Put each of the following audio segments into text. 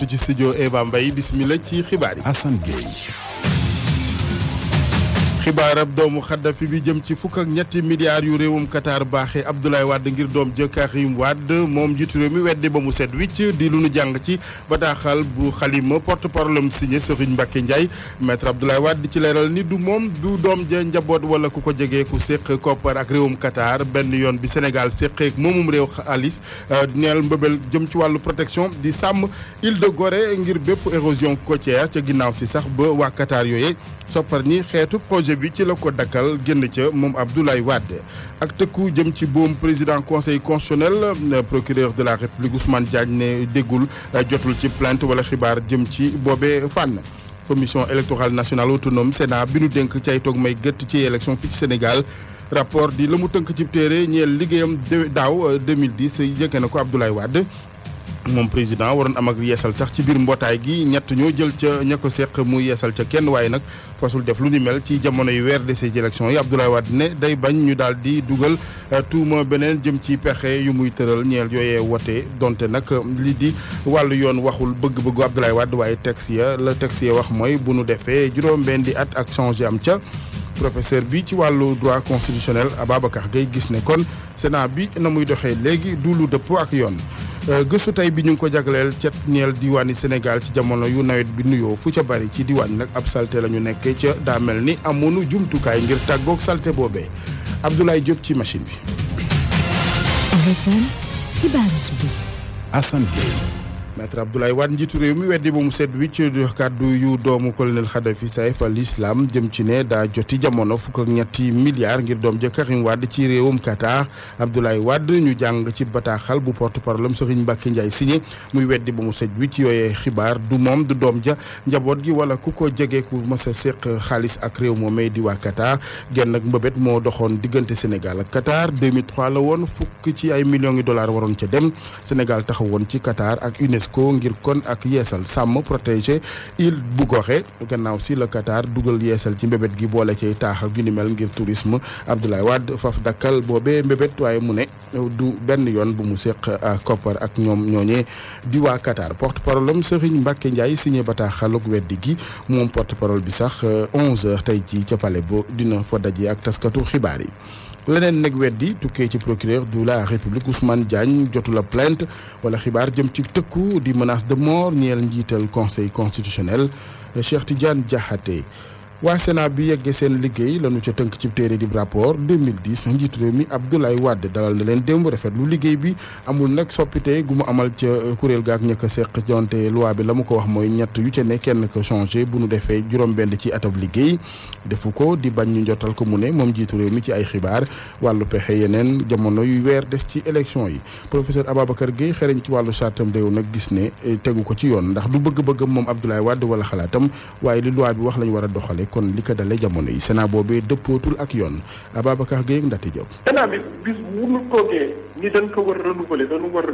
waxtu ci studio Eva Mbaye bismillah ci xibaar yi Assane xibaarab doomu xaddafi bi jëm ci fukk ak ñetti milliards yu réewum Qatar baaxee Abdoulaye Wade ngir doom ja Karim Wade moom jiitu réew mi weddi ba mu set wicc di lu nu jàng ci bataaxal bu xalima porte parole am signé Serigne Mbacké Ndiaye maître Abdoulaye Wade di ci leeral ni du moom du doom ja njaboot wala ku ko jege ku séq koppar ak réewum Qatar benn yoon bi Sénégal séqeek moomum réew xaalis euh, neel mbëbël jëm ci wàllu protection di sàmm île de Gorée ngir bépp érosion côtière ca ginnaaw si sax ba waa Qatar yooye soppar ñi xeetu projet bi ci la ko dakkal génn ca moom Abdoulaye Wade ak tëkku jëm ci boom président conseil constitutionnel euh, procureur de la république Ousmane Diagne ne déggul euh, jotul ci plainte wala xibaar jëm ci boobee fànn. commission électorale nationale autonome Sénat bi nu dénk cay ay toog may gëtt ci élection fii ci Sénégal rapport di la mu tënk ci téere ñeel liggéeyam daaw 2010 euh, yëkkee na ko Abdoulaye wadd moom président waroon am ak yeesal sax ci biir mbootaay gi ñett ñoo jël ca ña ko seq mu yeesal ca kenn waaye nag fasul def lu ni mel ci jamonoy weer dese ci élection yi Abdoulaye Wade ne day bañ ñu daal di dugal euh, tuuma beneen jëm ci pexe yu muy tëral ñeel yooye wote donte nag li di wàllu yoon waxul bëgg-bëggu Abdoulaye Wade waaye texte ya la texte ya wax mooy bu nu defee juróom-benn di at ak changé am ca professeur bi ci wàllu droit constitutionnel Ababacar Gueye gis ne kon Sénat bi na muy doxee léegi du lu ak yoon Euh, gëstu tey bi ñu ngi ko jagleel ca ñeel diwaani Sénégal ci jamono yu nawet bi nuyoo fu ca bari ci diwaan nag ab salte la ñu nekkee ca daa mel ni amoonu jumtukaay ngir tàggook salte boobee Abdoulaye Diop ci machine bi. Assane Gueye maître Abdoulaye Wade njiitu réew mi weddi ba mu set wi ci kàddu yu doomu colonel Khadafi Saif al Islam jëm ci ne daa joti jamono fukk ak ñetti milliards ngir doom ja Karim Wade ci réewum Qatar Abdoulaye Wade ñu jàng ci bataaxal bu porte-parole am Serigne Mbacke Ndiaye signé muy weddi ba mu set wi ci yooyee xibaar du moom du doom ja njaboot gi wala ku ko jege ku mës a seq xaalis ak réew moomee di waa Qatar genn ak mbëbët moo doxoon diggante Sénégal ak Qatar 2003 la woon fukk ci ay millions de dollars ca dem ko ngir kon ak yeesal sàmm protéger île bu goxe gannaaw si la Qatar dugal yeesal ci mbébét gi boole cay taax ak yu ni mel ngir tourisme Abdoulaye Wade faf dakkal boobee mbébét waaye mu ne du benn yoon bu mu seq koppar ak ñoom ñooñee di waa Qatar porte parole am Serigne Mbacke Ndiaye signé bataaxal ak weddi gi moom porte parole bi sax 11 euh, tey ci ca palais bo dina fa daje ak taskatu xibaar yi. leneen nag weddi tukkee ci procureur du la république Ousmane Diagne jotu la plainte wala xibaar jëm ci tëkku di menace de mort ñeel njiital conseil constitutionnel Cheikh Tidiane Diakhaté waa Sénat bi yeggee seen liggéey lañu ca tënk ci téere di rapport 2010 njiitu réew mi Abdoulaye Wade dalal na leen démb rafet lu liggéey bi amul nag soppite gu mu amal ca euh, kuréel ak ñëkk a seq jonte loi bi la mu ko wax mooy ñett yu ca ne kenn ko bu nu defee juróom-benn ci atab liggéey defu ko di bañ ñu njottal ko mu ne moom njiitu réew mi ci ay xibaar wàllu pexe yeneen jamono yu weer des ci élection yi professeur Ababacar Gueye xereñ ci wàllu sartam réew nag gis ne euh, tegu ko ci yoon ndax du bëgg-bëggam moom Abdoulaye Wade wala xalaatam waaye li loi bi wax lañu war a doxale kon li ko dalee jamono yi Sénat boobee dëppootul ak yoon Ababacar Gueye ak Ndati Diop. Sénat bi bis bu nu toogee ni dañ ko war a renouveler dañu war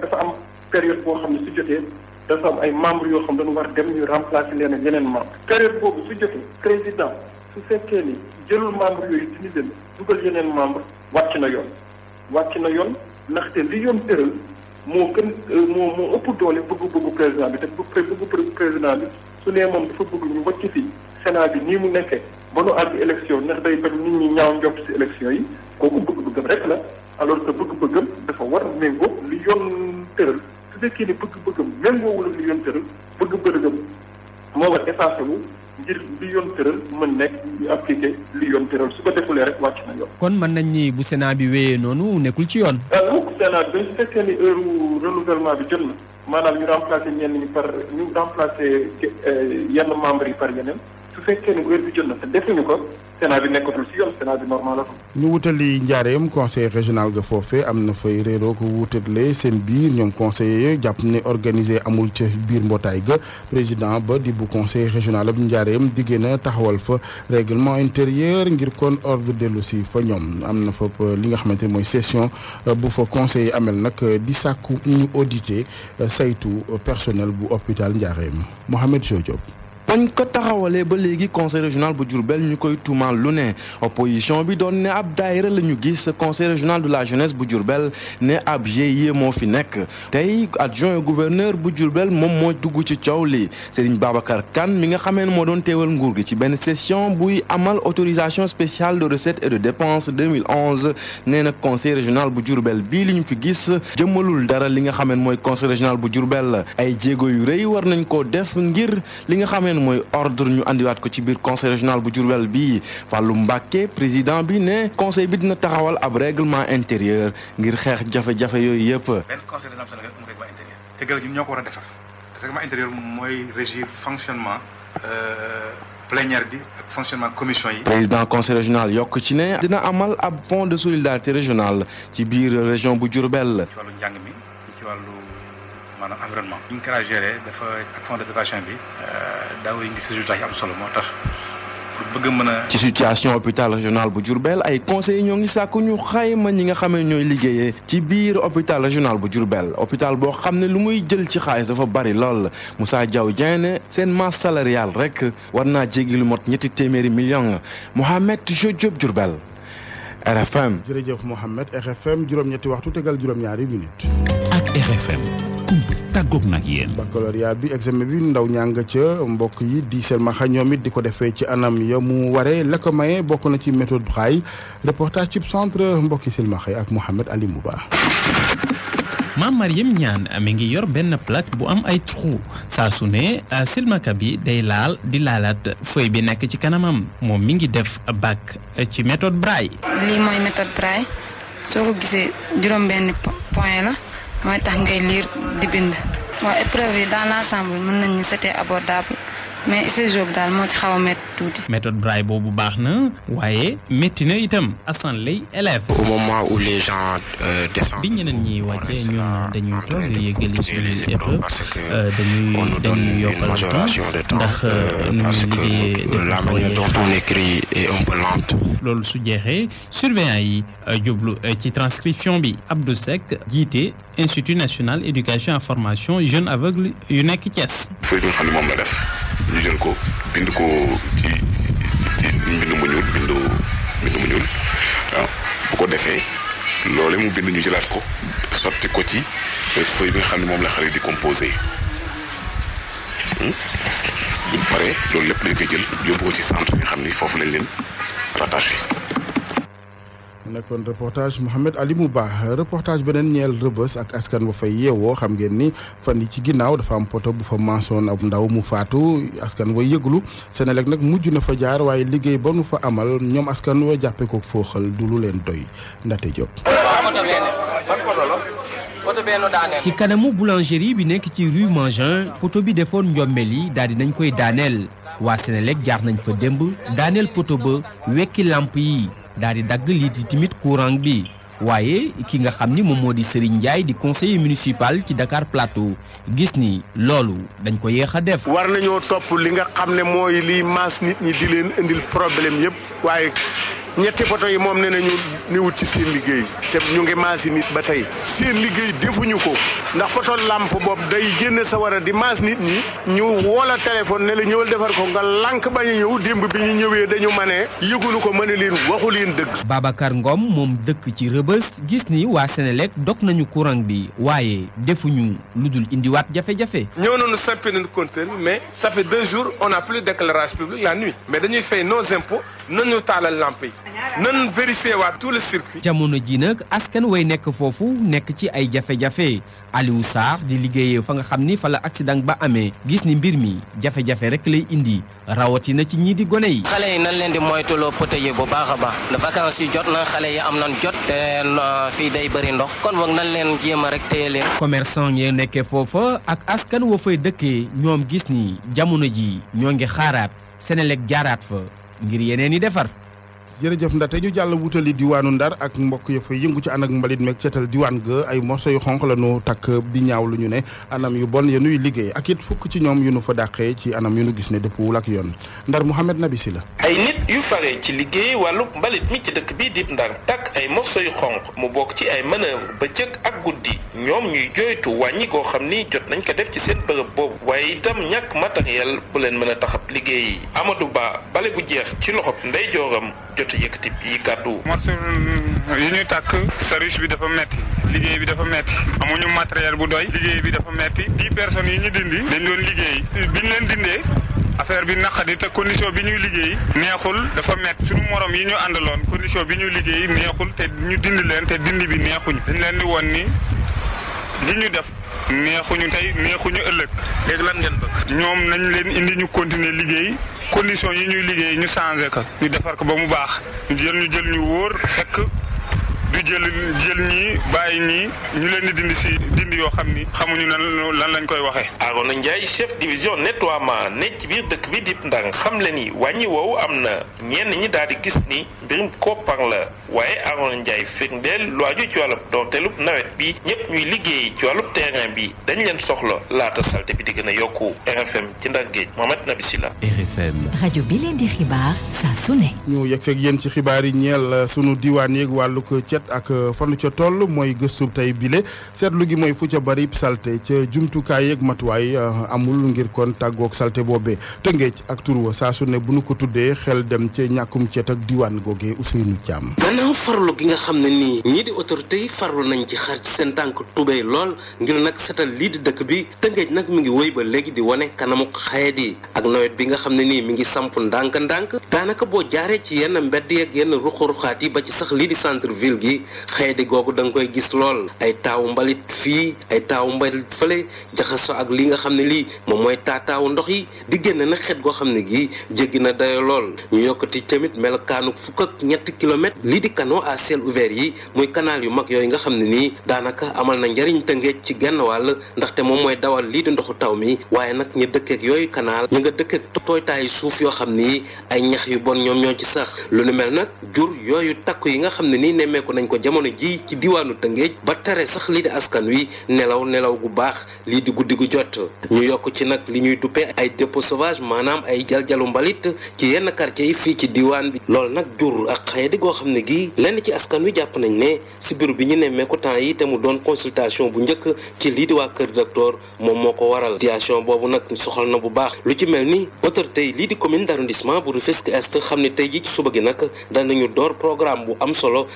dafa am période boo xam ne su jotee dafa am ay membres yoo xam dañu war dem ñu remplacer leen ak yeneen membres. période boobu su jotee président su fekkee ni jëlul membre yooyu dindi leen dugal yeneen membre wàcc na yoon wàcc na yoon ndaxte li yoon tëral moo gën euh, moo moo ëpp doole bëgg-bëggu président bi te bu bëgg président bi su moom dafa ñu wàcc fii Sénat bi nii mu nekkee ba nu àgg élection ndax day bañ nit ñi ñaaw njort si élection yi kooku bëgg-bëggam rek la alors que bëgg-bëggam dafa war méngoo li yoon tëral su fekkee ni bëgg-bëggam méngoowul ak li yoon tëral bëgg-bëggam moo war effacé wu ngir li yoon tëral mën nekk ñu appliqué li yoon tëral su ko defulee rek wàcc na kon mën nañ ni bu Sénat bi wéyee noonu nekkul ci yoon. donc euh, Sénat bi su fekkee ni heure renouvellement bi jot na maanaam ñu remplacé ñenn ñi par ñu remplacé euh, yenn membres yi par yeneen. su fekkee ne heure bi jot na te defuñu ko Sénat bi nekkatul si yoon Sénat bi normal ko. ñu wutali njaareem conseil régional ga foofee am na fay réeroo ko wutale seen biir ñoom conseil jàpp ne organisé amul ca biir mbootaay ga président ba di bu conseil régional ab njaareem diggee na taxawal fa règlement intérieur ngir kon ordre dellu fa ñoom am na fa li nga xamante ne mooy session bu fa conseil ameel nag di sàkku ñu audité saytu personnel bu hôpital njaareem Mohamed Jo bañ taxawale ba léegi conseil régional bu Diourbel ñu koy tuumaal lu ne opposition bi doon ne ab daayira la ñu gis conseil régional de la jeunesse bu Diourbel ne ab GIE moo fi nekk tey adjoint gouverneur bu Diourbel moom moo dugg ci coow li Serigne Babacar kan mi nga xamee ne moo doon teewal nguur gi ci benn session buy amal autorisation spéciale de recettes et de dépenses 2011 nee na conseil régional bu Diourbel bi li ñu fi gis jëmalul dara li nga xamee ne mooy conseil régional bu Diourbel ay jéego yu rëy war nañ koo def leneen mooy ordre ñu indiwaat ko ci biir conseil régional bu Diourbel bi Fallou Mbacké président bi ne conseil bi dina taxawal ab réglement intérieur ngir xeex jafe-jafe yooyu yëpp. benn conseil dina am Sénégal amul te gën ñoo ko war a defar règlement intérieur mooy régir fonctionnement. Euh, plénière bi ak fonctionnement commission yi. président conseil régional yokk ci ne. dina amal ab fonds de solidarité régionale ci biir région bu Diourbel. ci wàllu njàng mi. maanaam environnement. ni ñu ko géré dafa ak fond de dotation bi. Euh, daaw yi ngi si résultat yi am solo moo tax pour bëgg mën a. ci situation hôpital régional bu Diourbel ay conseil ñoo ngi sàkku ñu xayma ñi nga xam ne ñooy liggéeyee ci biir hôpital régional bu Diourbel hôpital boo xam ne lu muy jël ci xaalis dafa bari lool musa Diaw Dieng seen masse salariale rek war naa jéggi lu mot ñetti téeméeri millions Mohamed Diop Diourbel. RFM jërëjëf Mohamed RFM juróom-ñetti waxtu tegal juróom-ñaari minute ak RFM kump tàggoog nag yéen baccalauréat bi examen bi ndaw ñaa nga ca mbokk yi di selmaxa ñoom it di ko defee ci anam ya mu waree la maye bokk na ci méthode Braille reportage ci centre mbokki selmaxa yi ak Mouhamed Ali Mouba maam Mariam ñaan mi ngi yor benn plaque bu am ay trou saa su ne silmaka bi day laal di laalaat feuille bi nekk ci kanamam moom mi ngi def bac ci méthode Braille. lii mooy méthode Braille soo ko gisee juróom benn point la. mooy tax ngay liir di bind. waaw épreuve yi dans l' ensemble mën nañu c'était abordable mais séjour bi daal moo ci braille boobu baax na waaye métti na itam assemblée élèves. au moment où les gens euh, descendent. bi ñeneen ñi wàccee ñun dañuy toog yëgali suñuy épreuve euh, dañuy dañuy yokkal temps ndax euh, nu muy liggéeyee dafa xaw a yeex. loolu su jeexee surveillant yi jublu ci transcription bi Abdou Seck jiite institut national éducation et formation jeunes aveugles yu nekk Thiès. feuille bi xam ne moom la def. ñu jël ko bind ko ci ci mbind mu ñuul bindu mbind mu ñuul waaw bu ko defee loole mu bind ñu jëlaat ko sotti ko ci feuille bi nga xam ne moom la xale di composé hmm? buñ paree loolu lépp lañ koy jël yóbbu ko ci centre bi nga xam ni foofu lañ leen rattaché nekkoon reportage Mouhamed Ali Mouba reportage beneen ñeel rëbës ak askan bu fay yeewoo xam ngeen ni fan yi ci ginnaaw dafa am poto bu fa maasoon ab ndaw mu faatu askan wa yëglu Senelec nag mujj na fa jaar waaye liggéey ba nu fa amal ñoom askan wa jàppe ko fooxal du lu leen doy Ndate Diop ci kanamu boulangerie bi nekk ci rue Mangin poto bi defoon njommel yi daal di nañ koy daaneel waa Senelec jaar nañ fa démb daaneel poto ba wekki lamp yi daal di dagg lii di tamit courant bi waaye ki nga xam ni moom moo di Serigne Ndiaye di conseiller municipal ci dakaar Plateau gis ni loolu dañ ko yéex a def. war nañoo topp li nga xam ne mooy liy maas nit ñi di leen indil problème yëpp waaye ñetti poto yi moom ne nañu niwut ci seen liggéey te ñu ngi maasi nit ba tey seen liggéey defuñu ko ndax poto làmp boob day génne sa war a di maas nit ñi ñu woola téléphone ne la ñëwal defar ko nga lànk ba a ñëw démb bi ñu ñëwee dañu manee yëgunu ko mëne leen waxu leen dëgg Babacar ngoom moom dëkk ci rëbës gis ni waa Sénélec dog nañu courant bi waaye defuñu lu dul indiwaat jafe-jafe ñëw nañu sappi nañu compteur mais ça fait deux jours on a plus d'éclairage public mais dañuy fay nos impôts nañu taalal lamp yi nan vérifié waat tout le circuit. jamono ji nag askan way nekk foofu nekk ci ay jafe-jafe Aliou Sarr di liggéeyee fa nga xam ni fa la accident ba amee gis ni mbir mi jafe-jafe rek lay indi rawatina ci ñii di gone yi. xale yi nan leen di moytuloo poteau yi bu baax a baax na vacances yi jot na xale yi am nan jot te fii day bëri ndox kon boog nan leen jéem a rek téye leen. commerçant yi nekkee foofa ak askan woo fay dëkkee ñoom gis ni jamono ji ñoo ngi xaaraat Senelec jaaraat fa ngir yeneen i defar. jërëjëf ndate ñu jàll wutali diwaanu ndar ak mbokk ya fa yëngu ci ànd ak mbalit meeg cetal diwaan ga ay morso yu xonq la nu takk di ñaaw lu ñu ne anam yu bon ya nuy liggéey ak it fukk ci ñoom yu nu fa dàqee ci anam yu nu gis ne dëppwul ak yoon ndar Mouhamed Nabi si la ay nit yu faree ci liggéey wàllu mbalit mi ci dëkk bii di ndar takk ay morso yu xonq mu bokk ci ay ba jëkk ak guddi ñoom ñuy joytu wàññi koo xam ni jot nañ ko def ci seen bërëb boobu waaye itam ñàkk matériel bu leen mën a taxab liggéey yi Amadou bale bu jeex ci loxob ndey jot a yëkkati yi kàddu. morceau yi ñuy tàkk service bi dafa metti liggéey bi dafa metti amuñu matériel bu doy liggéey bi dafa metti dix personnes yi ñu dindi dañ doon liggéey bi ñu leen dindee affaire bi naqadi te condition bi ñuy liggéey neexul dafa mett suñu morom yi ñu àndaloon condition bi ñuy liggéey neexul te ñu dindi leen te dindi bi neexuñu dañ leen di woon ni li ñu def neexuñu tey neexuñu ëllëg léegi lan ngeen bëgg ñoom nañ leen indi ñu continuer liggéey condition yi ñuy liggéey ñu changé ko ñu defar ko ba mu baax ñu jël ñu jël ñu wóor fekk di jël jël ñii bàyyi ñii ñu leen di dindi si dindi yoo xam ni xamuñu lan lañ koy waxee. Arona Ndiaye chef division nettoiement nekk ci biir dëkk bi di Ndang xam le ni wàññi woowu am na ñenn ñi daal di gis ni mbirum koppar la waaye Arona Ndiaye firndeel lu aju ci wàllub donteelub nawet bi ñëpp ñuy liggéey ci wàllub terrain bi dañ leen soxla laata salte bi di gën a yokku RFM ci Ndar Géej Mohamed Nabi Silla. bi leen di xibaar saa su ne. ñu yegg seeg ci xibaar yi ñeel sunu ak euh, fan ca toll mooy gëstu tey bile seetlu gi mooy fu ca bari salte ca jumtukaay ak matuwaay euh, amul ngir kon tàggoog salte boobee tëngeej ak tur wa saa su ne bu nu ko tuddee xel dem ca ñàkkum cet ak diwaan googee Ousseynou Thiam. gannaaw farlu gi nga xam ne nii ñii di autorité yi farlu nañ ci xar ci seen tànk tubéy lool ngir nag setal lii di dëkk bi tëngeej nag mu ngi woy ba léegi di wane kanamu xayat yi ak nawet bi nga xam ne nii mi ngi samp ndànk-ndànk daanaka boo jaaree ci yenn mbedd yeeg yenn sax lii di centre ville gi xëy di googu da nga koy gis lool ay taawu mbalit fii ay taawu mbalit fële jaxaso ak li nga xam ne lii moom mooy taataawu ndox yi di génne na xeet goo xam ne gii jéggi na dayo lool ñu yokkati tamit melokaanu fukk ak lii di canaux a ciel ouvert yi muy kanaal yu mag yooyu nga xam ne nii daanaka amal na njariñ tëngeej ci genn wàll ndaxte moom mooy dawal lii di ndoxu taw mi waaye nag ñu dëkkeek yooyu canal ñu nga dëkkeek tooytaayu suuf yoo xam ni ay nañ ko jamono ji ci diwaanu Tëngéej ba tare sax lii di askan wi nelaw nelaw bu baax lii di guddi gu jot ñu yokk ci nag li ñuy duppee ay dépôt sovage maanaam ay jalu mbalit ci yenn quartier yi fii ci diwaan bi loolu nag jur ak xëy di goo xam ne gii lenn ci askan wi jàpp nañ ne si biir bi ñu nemmeeku temps yi te mu doon consultation bu njëkk ci lii di waa kër docteur moom moo ko waral situation boobu nag soxal na bu baax lu ci mel ni autorité yi lii di commune d'arrondissement bu Rufisque Est xam ne tey ji ci suba gi nag danañu door programme bu am solo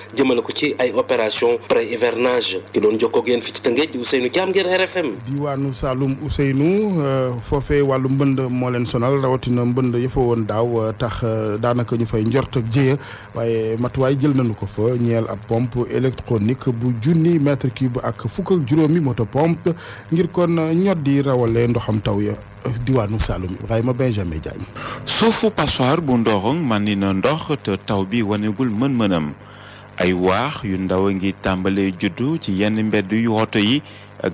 ci ay opération pré hivernage ki doon jokkoo ak yéen fi ci Tëngéej di Ousseynou Thiam ngir RFM. diwaanu Saloum Ousseynou euh, foofee wàllu mbënd moo leen sonal rawatina mbënd yëfa daaw euh, tax euh, daanaka ñu fay njort ak jéeya waaye matuwaay jël nañu ko fa ñeel ab pompe électronique bu junni mètre cube ak fukk ak juróomi moto pompe ngir kon ñod di rawale ndoxam taw ya. diwaanu Saloum Ibrahima Benjamin Diagne. suufu passoir bu Ndorong man na ndox te taw bi waneegul mën-mënam. ay waax yu ndaw a ngi tàmbalee juddu ci yenn mbedd yu woto yi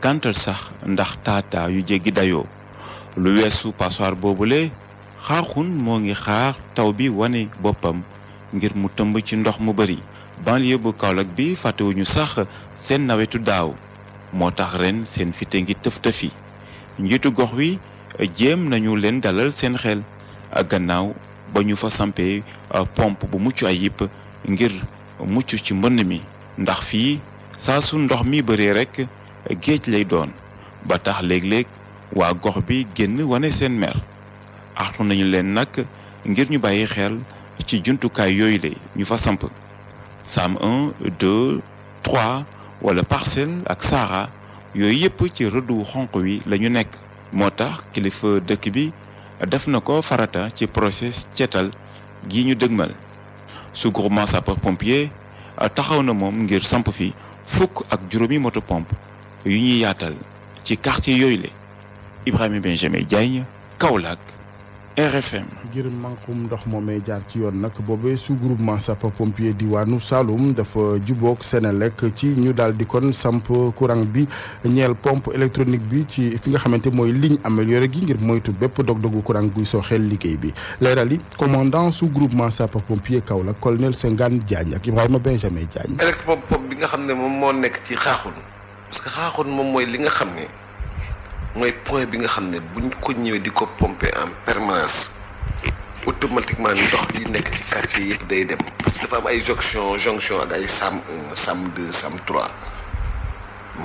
gàntal sax ndax taataa yu jéggi dayoo lu weesu passoir boobule xaaxun moo ngi xaar taw bi wane boppam ngir mu tëmb ci ndox mu bari banlieue bu Kaolack bi fàttewuñu sax seen nawetu daaw moo tax ren seen fite ngi tëf tëfi njiitu gox wi jéem nañu leen dalal seen xel ak gannaaw ba ñu fa sampee pomp bu mucc ayib ngir mucc ci mbënn mi ndax fii saa su ndox mi bëree rekk géej lay doon ba tax léeg-léeg waa gox bi génn wane seen mer axtu nañu leen nag ngir ñu bàyyi xel ci jumtukaay yooyu la ñu fa samp Sam un 2 3 wala Parcelles ak saaxa yooyu yépp ci rëdd wu xonq wi lañu nekk moo tax kilifa dëkk bi def na ko farata ci procès ceetal gi ñu dëgmal su groupement sapeur pompier euh, taxaw na moom ngir samp fi fukk ak juróomi moto pompe yu ñuy yaatal ci quartier yooyu le Ibrahima Benjamin Diagne Kaolack RFM. ngir mankum ndox moomee jaar ci yoon nag boobee su groupement sapeur pompier diwaanu Saloum dafa jubóog lekk ci ñu daal di kon samp courant bi ñeel pompe électronique bi ci fi nga xamante mooy ligne améliorée gi ngir moytu bépp dog-dogu courant guy sooxeel liggéey bi leeral yi commandant sous groupement sapeur pompier Kaolack colonel Sengane Diagne ak Ibrahima Benjamin Diagne. électropompe bi nga xam ne moom moo nekk ci xaaxul parce que xaaxul moom li nga xam ne. mooy point bi nga xam ne buñ ko ñëwee di ko pomper en permanence automatiquement ndox yi nekk ci quartier yëpp day dem parce que dafa am ay jonction jonction ak ay sam un sam deux sam trois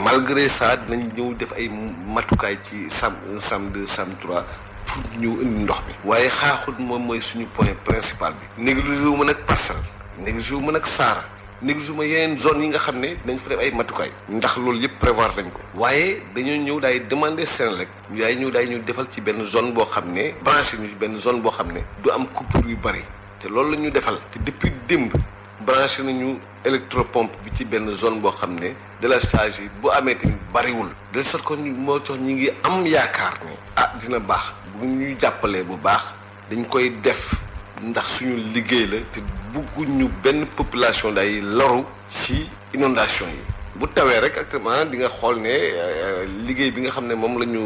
malgré ça dinañ ñëw def ay matukaay ci sam un sam deux sam trois pour ñëw indi ndox mi waaye xaaxut moom mooy suñu point principal bi négligé wu ma nag parcelle négligé wu ma nag saara négligé ma yeneen zone yi nga xam ne dañ fa def ay matukaay ndax loolu yëpp prévoir nañ ko waaye dañoo ñëw daay demander Senelec ñu daay ñëw daay ñu defal ci benn zone boo xam ne branché ñu ci benn zone boo xam ne du am coupure yu bari te loolu la ñu defal te depuis démb branché nañu électropompe bi ci benn zone boo xam ne délestage yi bu amee tamit bariwul de sorte que moo tax ñu ngi am yaakaar ne ah dina baax bu ñuy jàppalee bu baax dañ koy def ndax suñu liggéey la te bugguñu benn population day laru ci inondation yi bu tawee rek actuellement ah, di nga xool ne eh, eh, liggéey bi nga xam ne moom la ñu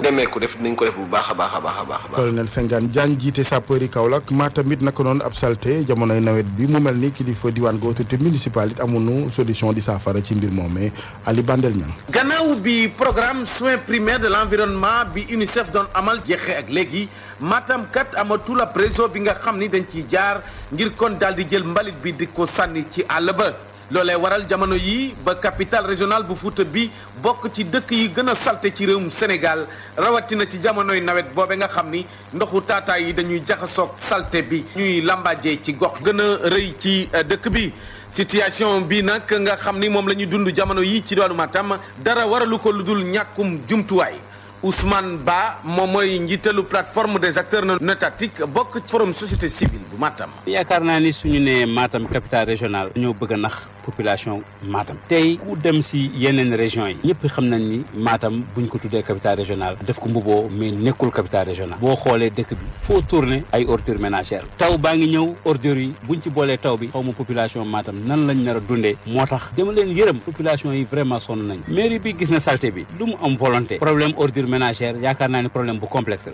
demee ko def dinañ ko def bu baax a baax a baax a baax colonel Sengane Diagne jiite sapeur yi Kaolack maa tamit naka noonu ab salté jamonoy nawet bi mu mel ni kilifa diwaan ga autorité municipale it amuñu solution di saafara ci mbir moomee Ali Bandel Niang gannaaw bi programme soins primaires de l'environnement bi UNICEF doon amal jeexee ak léegi Matam kat amatul ab réseau bi nga xam ni dañ ciy jaar ngir kon daal di jël mbalit bi di ko sànni ci àll ba loole waral jamono yi ba capitale régional bu Fuuta bi bokk ci dëkk yi gën a salte ci réewum Sénégal rawatina ci jamonoy nawet boobe nga xam ni ndoxu taataay yi dañuy jaxasoog salte bi ñuy làmbaajee ci gox gën a rëy ci euh, dëkk bi situation bi nag nga xam ni moom la ñuy dund jamono yi ci doonu Matam dara waralu ko lu dul ñàkkum jumtuwaay Ousmane baa moom mooy njiitalu plateforme des acteurs na étatiques bokk forum société civile bu Matam. yaakaar naa ni suñu nee Matam capitale régionale. ñoo bëgg a nax. population Matam tey ku dem si yeneen régions yi ñëpp xam nañ ni Matam buñ ko tuddee capitale régionale def ko mbuboo mais nekkul capitale régionale boo xoolee dëkk bi foo tourné ay ordures ménagères taw baa ngi ñëw ordures yi buñ ci boolee taw bi xaw ma population Matam nan lañ nar a dundee moo tax dama yërëm population yi vraiment sonn nañ mairie bi gis na salté bi lu mu am volonté problème ordures ménagères yaakaar naa ne problème bu complexe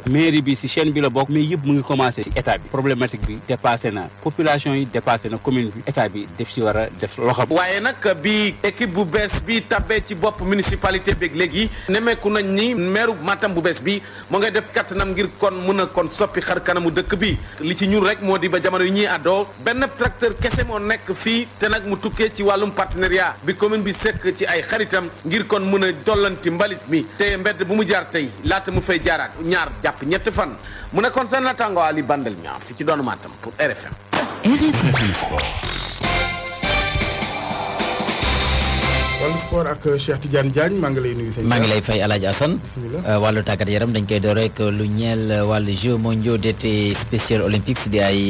a def waaye nag bi équipe bu bees bi tàbbee ci bopp municipalité beeg léegi nemeeku nañ ni meeru Matam bu bees bi moo ngay def kattanam ngir kon mun a kon soppi xar kanamu dëkk bi li ci ñuul rek moo di ba jamono yi ñuy àddoo benn tracteur kese moo nekk fii te nag mu tukkee ci wàllum partenariat bi commune bi sëkk ci ay xaritam ngir kon mun a dollanti mbalit mi te mbedd bu mu jaar tey laata mu fay jaaraat ñaar jàpp ñetti fan mu nekkoon seen naataango Ali Bandel ñaar fi ci doonu Matam pour RFM. wàllu sport ak euh, Cheikh Tidiane Diagne maa ngi lay nuyu sëñ maa ngi lay fay El Hadj Assane euh, wàllu tàggat yaram dañ koy door rek lu ñeel euh, wàllu Jeux mondiaux d'été spécial olympiques di ay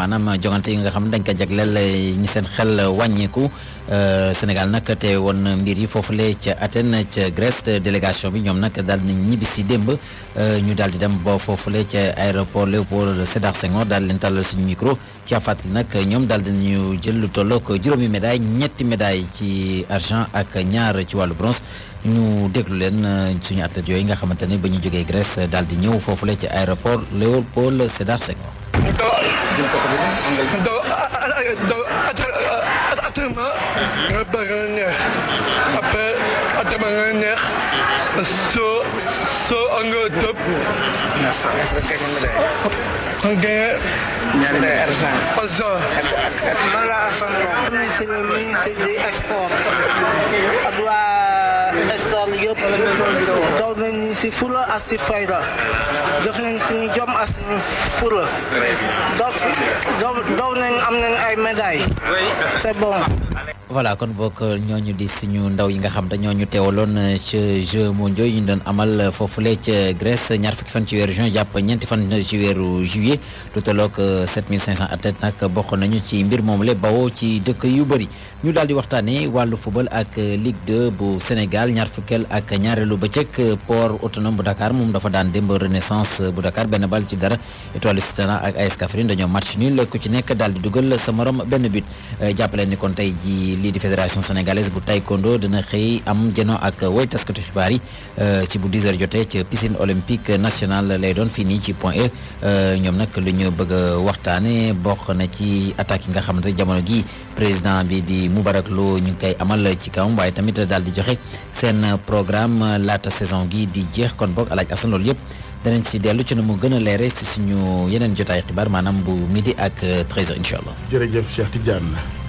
maanaam jongante yi nga xam ne dañ ko jagleel ñu seen xel wàññeeku Euh, Sénégal nag te woon mbir yi foofule ca Athènes ca Grèce délégation bi ñoom nag daal nañ ñibbi si démb euh, ñu dal di dem ba foofule ca aéroport Léopold Sédar Senghor daal leen tàllal suñu micro ci fàttali nag ñoom daal dinañu jël lu tollook juróomi médaille ñetti médaille ci argent ak ñaar ci wàllu bronze ñu déglu leen euh, suñu athlètes yooyu nga xamante ne ba ñu jógee Grèce dal di ñëw foofule ca aéroport Léopold Sédar Senghor atama rabara neex après atama nga neex so so anga dëpp nga argent argent mala asan ministre ministre des sports ak waa sport yëpp si fula asi fayda def nañ suñu jom as fula daw nañ am nañ ay médailles c'est bon voilà kon boog ñooñu di suñu ndaw yi nga xam te ñooñu teewaloon euh, ci jeux mondiaux yi ñu doon amal euh, foofule ca Grèce ñaar fukki fan ci weeru juin jàpp ñeenti fan ci weeru juillet lu tolloog 7500 euh, athlètes nag bokk nañu ci mbir moom la bawoo ci dëkk yu bëri ñu daal di waxtaanee wàllu football ak Ligue 2 bu Sénégal ñaar fukkeel ak ñaareelu bëccëg port autonome bu Dakar moom dafa daan démb renaissance bu Dakar benn bal ci dara Étoile Lusitana ak AS Kaffrine dañoo match nul daal di dugal sa morom benn but jàppale lii di fédération sénégalaise bu taekwondo dana xëy am jeno ak woy taskatu xibaar yi euh, ci bu 10 jotee ci piscine olympique nationale lay doon fii nii ci point E euh, ñoom nag lu ñu bëgg a waxtaane bokk na ci attaques yi nga xamante ne jamono gi président bi di Moubarak Lo ñu ngi koy amal ci kawam waaye tamit daal di joxe seen programme laata saison gi di jeex kon boog alaaj asan loolu yëpp danañ si dellu ci nu mu gën a leere si suñu yeneen jotaay xibaar maanaam bu midi ak 13h incha allah. jërëjëf Cheikh